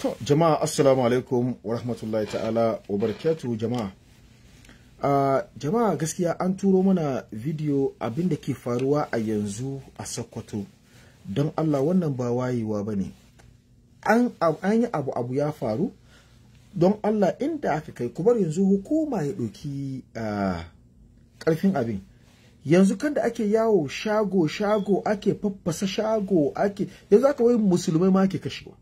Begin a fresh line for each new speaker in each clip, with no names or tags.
To, jama'a assalamu alaikum wa rahmatullahi ta'ala wa barakatu jama'a. a jama'a gaskiya an turo mana video abin da ke faruwa a yanzu a Sokoto. Don Allah wannan ba wayewa ba ne. An yi abu abu ya faru, don Allah inda aka kai kubar yanzu hukuma ya doki uh, ƙarfin abin. yanzu kan da ake yawo shago shago ake faffasa shago ake yanzu aka wai musulmai ma ake kashewa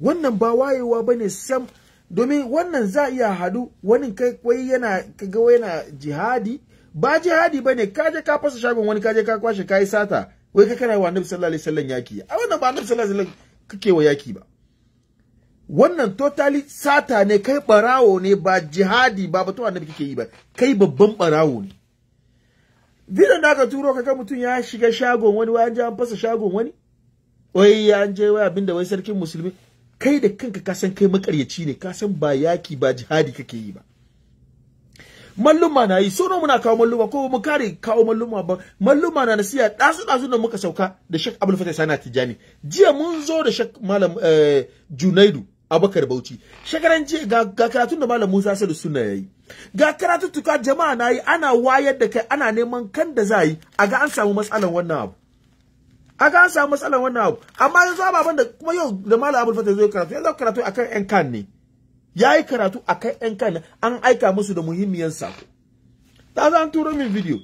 wannan ba wayewa bane sam domin wannan za iya hadu wani kai wai yana kaga yana jihadi ba jihadi bane kaje ka fasa shagon wani kaje ka kwashe kai sata wai ka kana wa Annabi sallallahu alaihi wasallam yaki a wannan ba Annabi sallallahu alaihi wasallam kake wa yaki ba wannan totally sata ne kai barawo ne ba jihadi ba to Annabi kake yi ba kai babban barawo ne Bidan da aka turo kaga mutum ya shiga shagon wani wai an je an fasa shagon wani wai ya je wai abinda wai sarkin musulmi kai da kanka ka san kai makaryaci ne ka san ba yaki ba jihadi kake yi ba malluma na yi so no muna kawo malluma ko mu kare kawo malluma ba malluma na nasiya dasu dasu da muka sauka da Sheikh Abdul Fattah Sana Tijani jiya mun zo da Sheikh Malam eh, Junaidu Abubakar Bauchi shekaran jiya ga, ga karatun da Malam Musa Sadu Sunna yayi ga tuka jama'a na yi ana wayar da kai ana neman kan da za yi a ga an samu matsalan wannan abu aka an samu matsalar wannan abu amma yanzu ababen da kuma yau da malam abul fatah zai karatu yanzu karatu akan yan kan ne yayi karatu akan yan kan an aika musu da muhimmiyar sako ta zan turo min video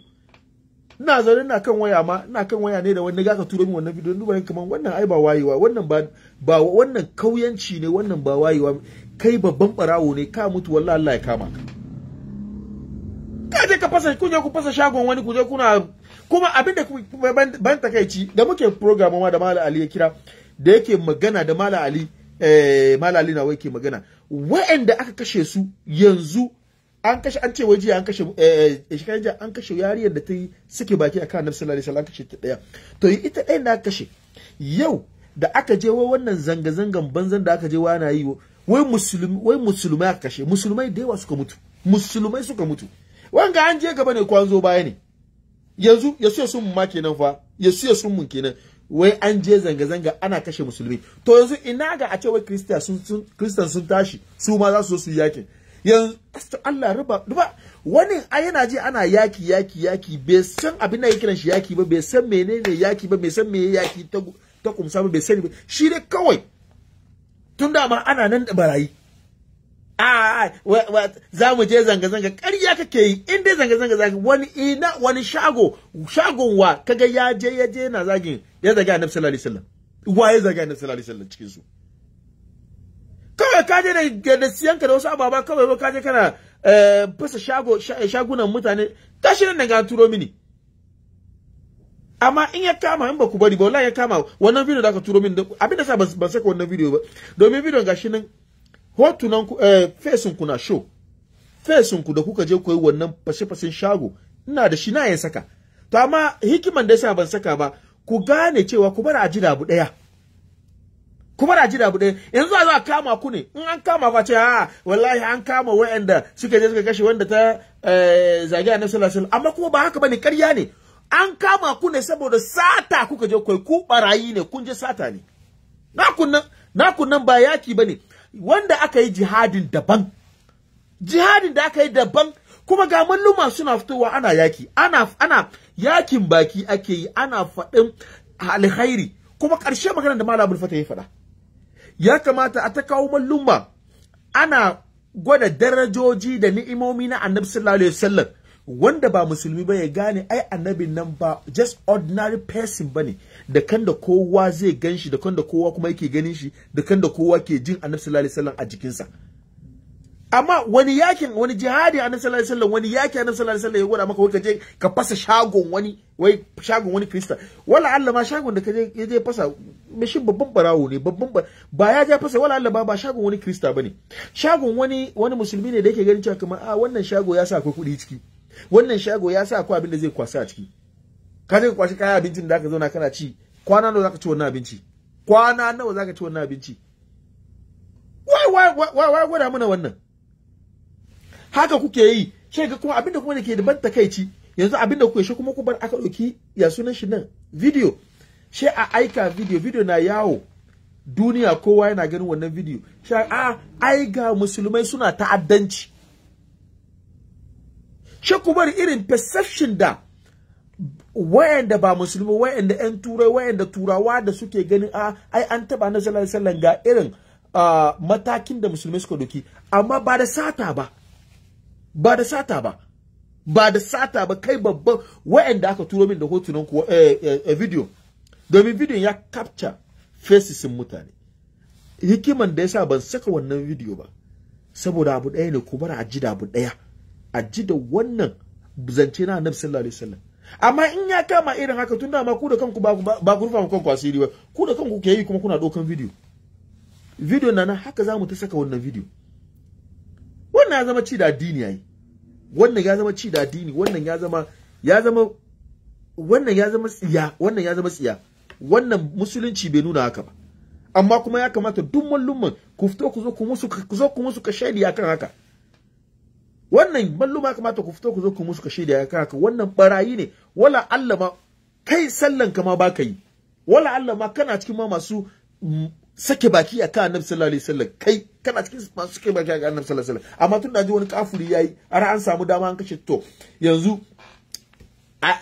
ina zare ina kan waya ma ina kan waya ne da wani ga ka turo min wannan video duba kaman wannan ai ba wayewa wannan ba ba wannan kauyanci ne wannan ba wayewa kai babban barawo ne ka mutu wallahi Allah ya kama ka ka ka fasa kun je ku fasa shagon wani ku je kuna kuma abin da ban takaici da muke program ma da Malam Ali ya kira da yake magana da Malam Ali eh Malam Ali na wai ke magana wa'anda aka kashe su yanzu an kashe an ce waje an kashe eh, eh shikanja an kashe yariyar da ta yi suke baki akan Annabi sallallahu alaihi wasallam kashe ta daya to ita ɗayan da aka kashe yau da aka je wai wannan zanga zangan banzan da aka je wa na yi wai wai musulmai aka kashe musulmai da yawa suka mutu musulmai suka mutu wanga an je gaba ne ko an zo baya ne yanzu yesu yasu mun ma kenan fa yesu yasu mun kenan wai an je zanga zanga ana kashe musulmi to yanzu ina ga a ce wai sun sun sun tashi su ma za su su yakin yanzu Allah riba riba wani a yana ji ana yaki yaki yaki bai san abin da ya kiran shi yaki ba bai san menene yaki ba bai san me yaki ta ta kumsa ba bai sani ba shi dai kawai tun da ma ana nan da barayi a za mu je zanga-zanga ƙarya kake yi in dai zanga-zanga zagi wani ina wani shago shagon wa kaga ya je ya je na zagin ya zaga annabi sallallahu alaihi wasallam wa ya zaga annabi sallallahu alaihi wasallam cikin su kawai ka je da da siyan ka da wasu ababa kawai ka je kana eh, fasa shago shagunan mutane gashi nan daga turo mini amma in ya kama in ba ku bari ba wallahi ya kama wannan video da aka turo mini abinda da sa ban saka wannan video ba domin video gashi nan hotunan nan eh face ku na show face ku da kuka je koyi wannan fashe-fashen shago ina da shi na yin saka to amma hikiman da yasa ban saka ba ku gane cewa ku bar ajira abu daya ku bar ajira abu daya yanzu za a kama ku ne in an kama ku ce a ah, wallahi an kama wayanda suka je suka kashe wanda ta eh, zagi annabi sallallahu alaihi amma kuma ba haka bane ƙarya ne an kama ku ne saboda sata kuka je koyi ku barayi ne kun je sata ne na kunnan na kunnan ba yaki bane wanda aka yi jihadin daban jihadin da aka yi daban kuma ga malluma suna fitowa ana yaki ana ana yakin baki ake yi ana faɗin alkhairi kuma ƙarshe maganar da malam fata ya faɗa ya kamata a ta kawo malluma ana gwada darajoji da ni'imomi na annabi sallallahu alaihi wasallam wanda ba musulmi ba ya gane ai annabin nan ba just ordinary person bane da kan da kowa zai gan shi da kan da kowa kuma yake ganin shi da kan da kowa ke jin annabi sallallahu alaihi wasallam a jikinsa amma wani yakin wani jihadi annabi sallallahu alaihi wasallam wani yakin annabi sallallahu alaihi wasallam ya gwada maka wai kaje ka fasa shagon wani wai shagon wani krista wala Allah ma shagon da kaje ya je fasa shi babban barawo ne babban ba ya je fasa wala Allah ba ba shagon wani krista bane shagon wani wani musulmi ne da yake ganin cewa kamar a ah, wannan shago ya sa akwai kuɗi ciki wannan shago ya sa akwai abin da zai kwasa ciki ka je ka kwashi kayan abincin da aka zauna kana ci kwana nawa zaka ci wannan abinci kwana nawa zaka ci wannan abinci wai wai wai wai gwada mana wannan haka kuke yi shi ga kuma abinda kuma dake da ban takeici yanzu abinda kuke shi kuma ku bar aka dauki ya sunan shi nan video she a aika video video na yawo duniya kowa yana ganin wannan video she a ai ga musulmai suna ta'addanci shi irin perception da wayanda ba musulmi wayanda yan turai wayanda turawa da suke ganin a ah, ai an taba na sallallahu alaihi ga irin ah, matakin da musulmi suka doki amma ba da sata ba ba da sata ba ba da sata ba kai babban wayanda aka turo min da hotunan ku eh, eh, eh video domin video ya capture faces mutane hikiman da yasa ban saka wannan video ba saboda abu ɗaya ne kuma a ji da abu ɗaya a ji da wannan zance na annabi sallallahu alaihi wasallam amma in ya kama irin haka tun dama ku da kanku ba ku rufa kanku asiri ba ku da kanku ke yi kuma kuna dokan video video na nan haka za mu ta saka wannan video wannan ya zama ci da addini yayi wannan ya zama ci da addini wannan ya zama ya zama wannan ya zama tsiya wannan ya zama tsiya wannan musulunci bai nuna haka ba amma kuma ya kamata duk mallumman ku fito ku zo ku musu ku zo ku musu akan haka wannan malluma kamata ku fito ku zo ku musu kashe da ya kaka wannan barayi ne wala Allah ma kai sallan ka ma baka yi wala Allah ma kana cikin ma masu mm, sake baki a kan annabi sallallahu alaihi wasallam kai kana cikin masu sake baki a kan annabi sallallahu alaihi wasallam amma tun da ji wani kafuri yayi har an samu dama an kashe to yanzu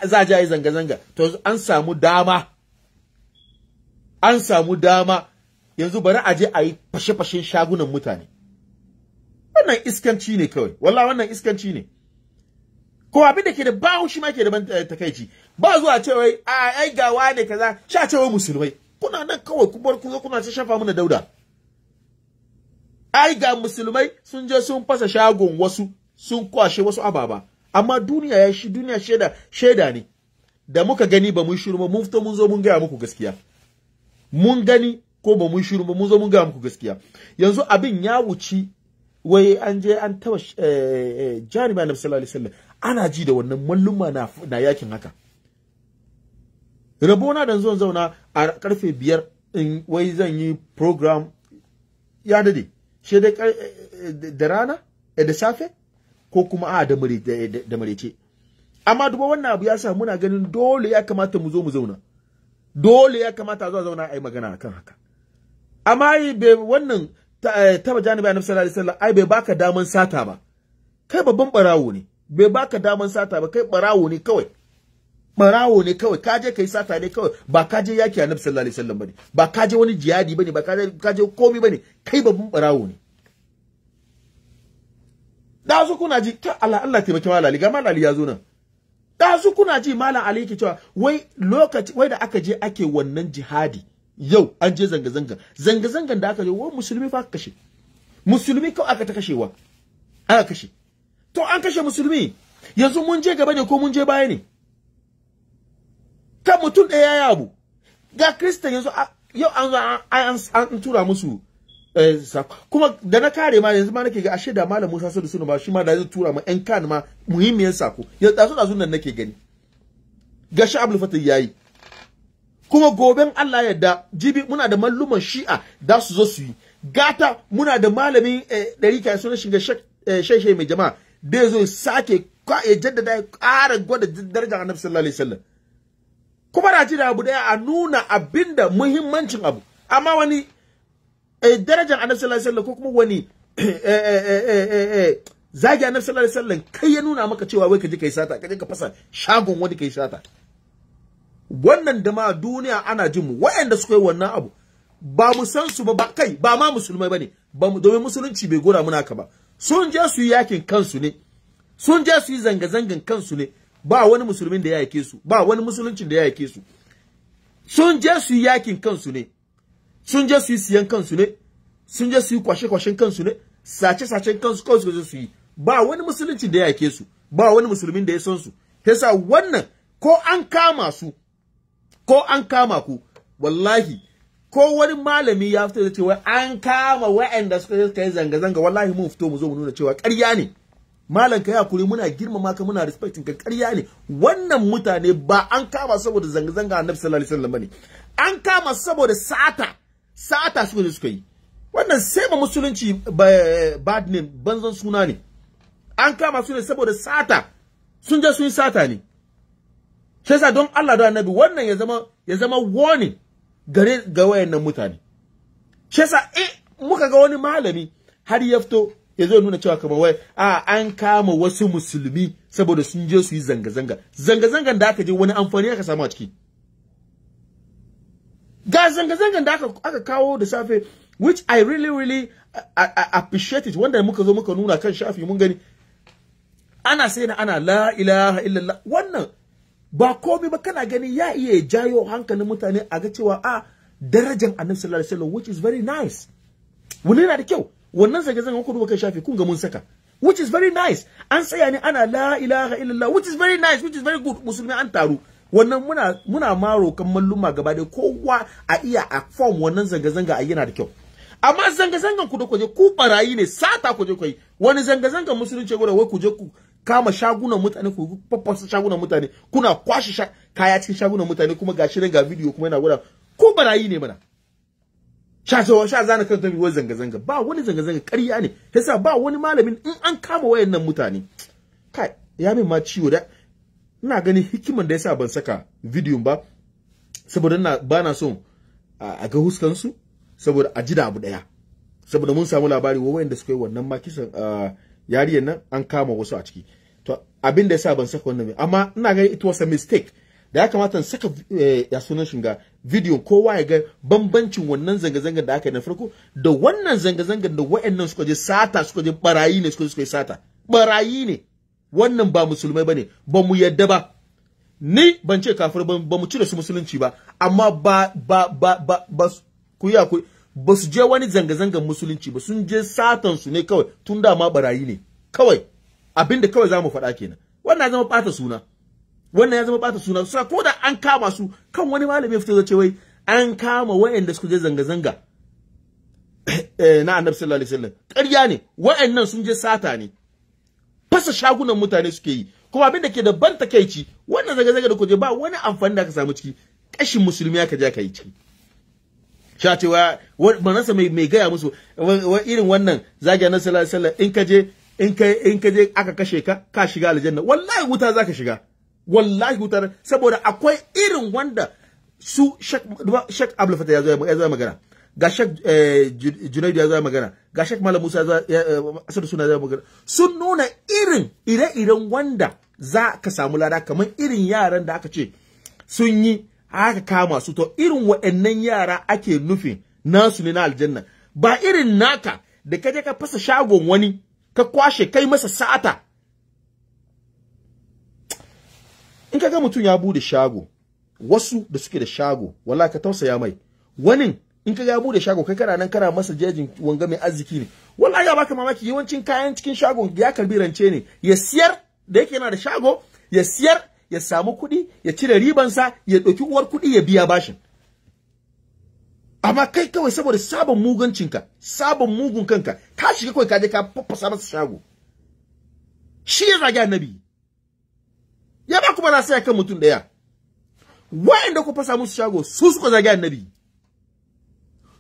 za ja yi zanga zanga to an samu dama an samu dama yanzu bari a je a yi fashe-fashen shagunan mutane wannan iskanci ne kawai wallahi wannan iskanci ne ko abin da ke da bawo shi ma ke da ban eh, takaici ba zuwa cewa a ai gawa ne kaza sha wai musulmai kuna nan kawai ku bar ku zo kuna ce shafa mana dauda ai ga musulmai sun je sun fasa shagon wasu sun kwashe wasu ababa amma duniya ya shi duniya sheda sheda ne da muka gani ba mun shiru ba mun fito mun zo mun gaya muku gaskiya mun gani ko ba mun shiru ba mun zo mun gaya muku gaskiya yanzu abin ya wuci wai an je an taba eh, eh, jarumi na sallallahu alaihi wasallam ana ji da wannan malluma na na yakin haka rabona dan zon zauna a karfe biyar in wai zan yi program ya dade shi dai eh, da rana da safe ko kuma ah, a da da ce. amma duba wannan abu ya sa muna ganin dole ya kamata mu zo mu zauna dole ya kamata zuwa zauna a yi magana akan haka amma wannan Eh, taba janibi annabi sallallahu alaihi wasallam ai bai baka daman sata ba kai babban barawo ne bai baka daman sata ba kai barawo ne kawai barawo ne kawai ka je kai sata ne kawai ba ka je yaki annabi sallallahu alaihi wasallam bane ba ka je wani jihadi bane ba ka je komai bane kai babban barawo ne da su kuna ji ta Allah Allah taimake mala ali ga mala ali ya zo nan da su kuna ji mala ali ke cewa wai lokaci wai da aka je ake wannan jihadi yau an je zanga-zanga zanga-zangan da aka je wa musulmi fa aka kashe musulmi kawai aka ta kashewa aka kashe to an kashe musulmi yanzu mun je gaba ne ko mun je baya ne kan mutum ɗaya ya abu ga kristan yanzu yau an zo an tura musu eh, kuma da na kare ma yanzu ma nake ga ashe da malam Musa Sadu Sunu ma shi ma da zai tura ma ƴan kan ma muhimmiyar sako yanzu dazu dazu nan nake gani gashi abul Fatah yayi kuma goben Allah yadda jibi muna da malluman shi'a da su zo su yi gata muna da malamin eh, ɗari kya sunan shiga shaishe eh, mai jama'a da zo sake ya jaddada ya ƙara gwada darajar annabi sallallahu alaihi wasallam kuma da ji da abu daya a nuna abinda muhimmancin abu amma wani eh, darajar annabi sallallahu alaihi wasallam ko kuma wani zagi annabi sallallahu alaihi wasallam kai ya nuna maka cewa wai ka je kai sata ka je ka fasa shagon wani kai sata wannan da ma duniya ana jin mu waɗanda suka yi wannan abu ba mu san su ba kai ba ma musulmai bane ba mu domin musulunci bai gora muna ka ba sun je su yi yakin kansu ne sun je su yi zanga zangan kansu ne ba wani musulmin da ya yake su ba wani musuluncin da ya yake su sun je su yi yakin kansu ne sun je su yi siyan kansu ne sun je su yi kwashe kwashen kansu ne sace sacen kansu kansu su yi ba wani musulunci da ya yake su ba wani musulmin da ya san su yasa wannan ko an kama su ko an kama ku wallahi ko wani malami ya fito da cewa an kama waɗanda suka yi yi zanga-zanga wallahi mun fito mu zo mu nuna cewa ƙarya ne malam ka hakuri muna girmama ka muna respecting ka ƙarya ne wannan mutane ba an kama saboda zanga-zanga annabi sallallahu alaihi wasallam bane an kama saboda sata sata suka suka yi wannan sai ma musulunci bad name banzan suna ne an kama su ne saboda sata sun je sun yi sata ne shi yasa don Allah da Annabi wannan ya zama ya zama warning gare ga wayannan mutane shi yasa eh muka ga wani malami har ya fito ya zo nuna cewa kamar wai a an kama wasu musulmi saboda sun je su yi zanga-zanga zanga-zangan da aka je wani amfani aka samu a ciki ga zanga-zangan da aka kawo da safe which I really really uh, uh, uh, appreciate it wanda muka zo muka nuna kan shafi mun gani ana sai na ana la ilaha illallah wannan ba komai ba kana gani ya iya jayo hankalin mutane a ga cewa a ah, darajar annabi sallallahu alaihi wasallam which is very nice wani yana da kyau wannan zage zan hukuru duba kai shafi kun ga mun saka which is very nice an tsaya ne ana la ilaha illallah which is very nice which is very good musulmi an taru wannan muna muna maro kan malluma gaba da kowa a iya a form wannan zanga zanga a yana da kyau amma zanga zangan ku da kuje ku barayi ne sata kuje kai wani zanga zangan musulunci gura wai kuje ku kama shagunan mutane ku fafasa shagunan mutane kuna kwashe kaya cikin shagunan mutane kuma gashi nan ga video kuma yana gura ko barayi ne mana sha sha sha zana kan tabi zanga zanga ba wani zanga zanga ƙarya ne yasa ba wani malamin in an kama wayannan mutane kai ya min ma ciwo da ina gani hikiman da yasa ban saka video ba saboda ina bana so a ga huskan su saboda a ji da abu daya saboda mun samu labari wa wayanda suka yi wannan ma yariyar nan an kama wasu a ciki to abin da yasa ban saka wannan amma ina ga it was a mistake da ya kamata in saka eh, ya sunan shinga video kowa ya ga bambancin wannan zanga-zanga da aka yi na farko da wannan zanga-zanga da wayannan suka je sata suka je barayi ne suka je sata barayi ne wannan ba musulmai bane ba mu yadda ba ni ban ce kafir ba mu cire su musulunci ba amma ba ba ba ba ku ku Basu je wani zanga-zangar musulunci ba sun je satan su ne kawai tun da ma barayi ne kawai abinda kawai za mu faɗa kenan wannan ya zama ɓata suna wannan ya zama ɓata suna suna ko da an kama su kan wani malami ya fito ce wai an kama wayanda suka je zanga-zanga eh, eh, na annabi sallallahu alaihi wasallam ƙarya ne wayannan sun je sata ne fasa shagunan mutane suke yi kuma abin da ke da ban takaici, wannan zanga-zanga da kuje ba wani amfani da aka samu ciki ƙashin musulmi aka je aka yi ciki sha cewa manasa mai gaya musu irin wannan zagi na sallallahu alaihi in ka je in ka in ka je aka kashe ka ka shiga aljanna wallahi wuta zaka shiga wallahi wuta saboda akwai irin wanda su shek Abdul Fatah ya zama magana ga shek eh, Junaidu ya zama magana ga shek Malam Musa ya eh, asar suna zama magana sun nuna irin ire-iren wanda za ka samu lada kamar irin yaran da aka ce sun yi aka kama su to irin waɗannan yara ake nufi nasu ne na aljanna ba irin naka da kaje ka fasa shagon wani ka kwashe kai masa sata in kaga mutum ya bude shago wasu da suke da shago wallahi ka tausaya mai wani in ka ya bude shago kai kana nan kana masa jejin wanga mai arziki ne wallahi ya baka mamaki yawancin kayan cikin shagon ya karbi rance ne ya siyar da yake yana da shago ya siyar ya samu kuɗi ya cire ribansa ya ɗauki uwar kuɗi ya biya bashin amma kai kawai saboda sabon mugancinka sabon mugun kanka ka shiga kawai ka je ka fafasa masa shago shi ya zagi annabi ya ba kuma za kan mutum ɗaya wa'anda ku fasa musu shago su suka zagi annabi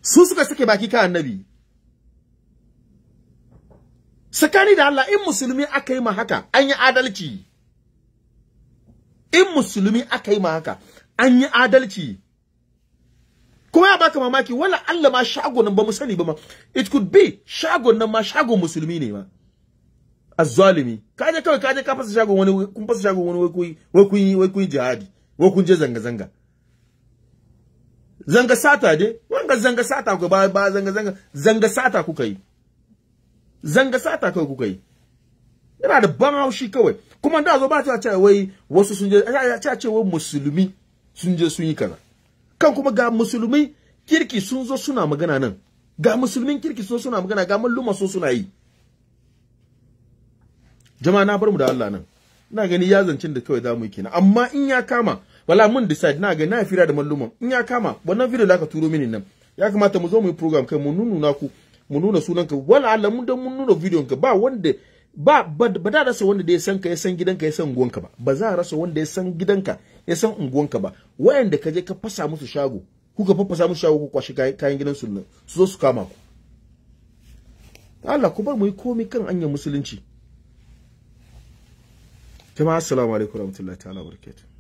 su suka sake baki kan annabi sakani da Allah in musulmi aka yi ma haka an yi adalci in musulmi aka yi ma haka an yi adalci kuma ya baka mamaki wala Allah ma shagonan ba mu sani ba ma it could be shagonan ma shagon musulmi ne ma azzalimi ka je kawai ka je ka fasa shagon wani kun fasa shagon wani wai kun yi wai kun yi jihadi wai kun je zanga zanga zanga sata je wanga zanga sata ku ba ba zanga zanga zanga sata kuka yi zanga sata kawai kuka yi yana da ban haushi kawai kuma da zo ba ta ce wai wasu sun je ta ce wai musulmi sun je sun yi kaza kan kuma ga musulmi kirki sun zo suna magana nan ga musulmin kirki sun zo suna magana ga malluma sun suna yi jama'a na bar mu da Allah nan ina gani ya zancin da kawai zamu yi kenan amma in ya kama wala mun decide na ga na fira da malluman in ya kama wannan video da ka turo mini nan ya kamata mu zo mu yi program kai mu nuna ku mu nuna sunanka wala Allah mun dan mun nuna video ka ba wanda ba ba da rasa wanda ya san ka ya san gidanka ya san unguwanka ba ba za a rasa wanda ya san gidanka ya san unguwanka ba wayanda ka je ka fasa musu shago kuka fafasa musu shago ku kwashi kayan gidan su nan su zo su kama ku Allah ku bar mu yi komai kan anyan musulunci jama'a assalamu alaikum warahmatullahi ta'ala barakatuh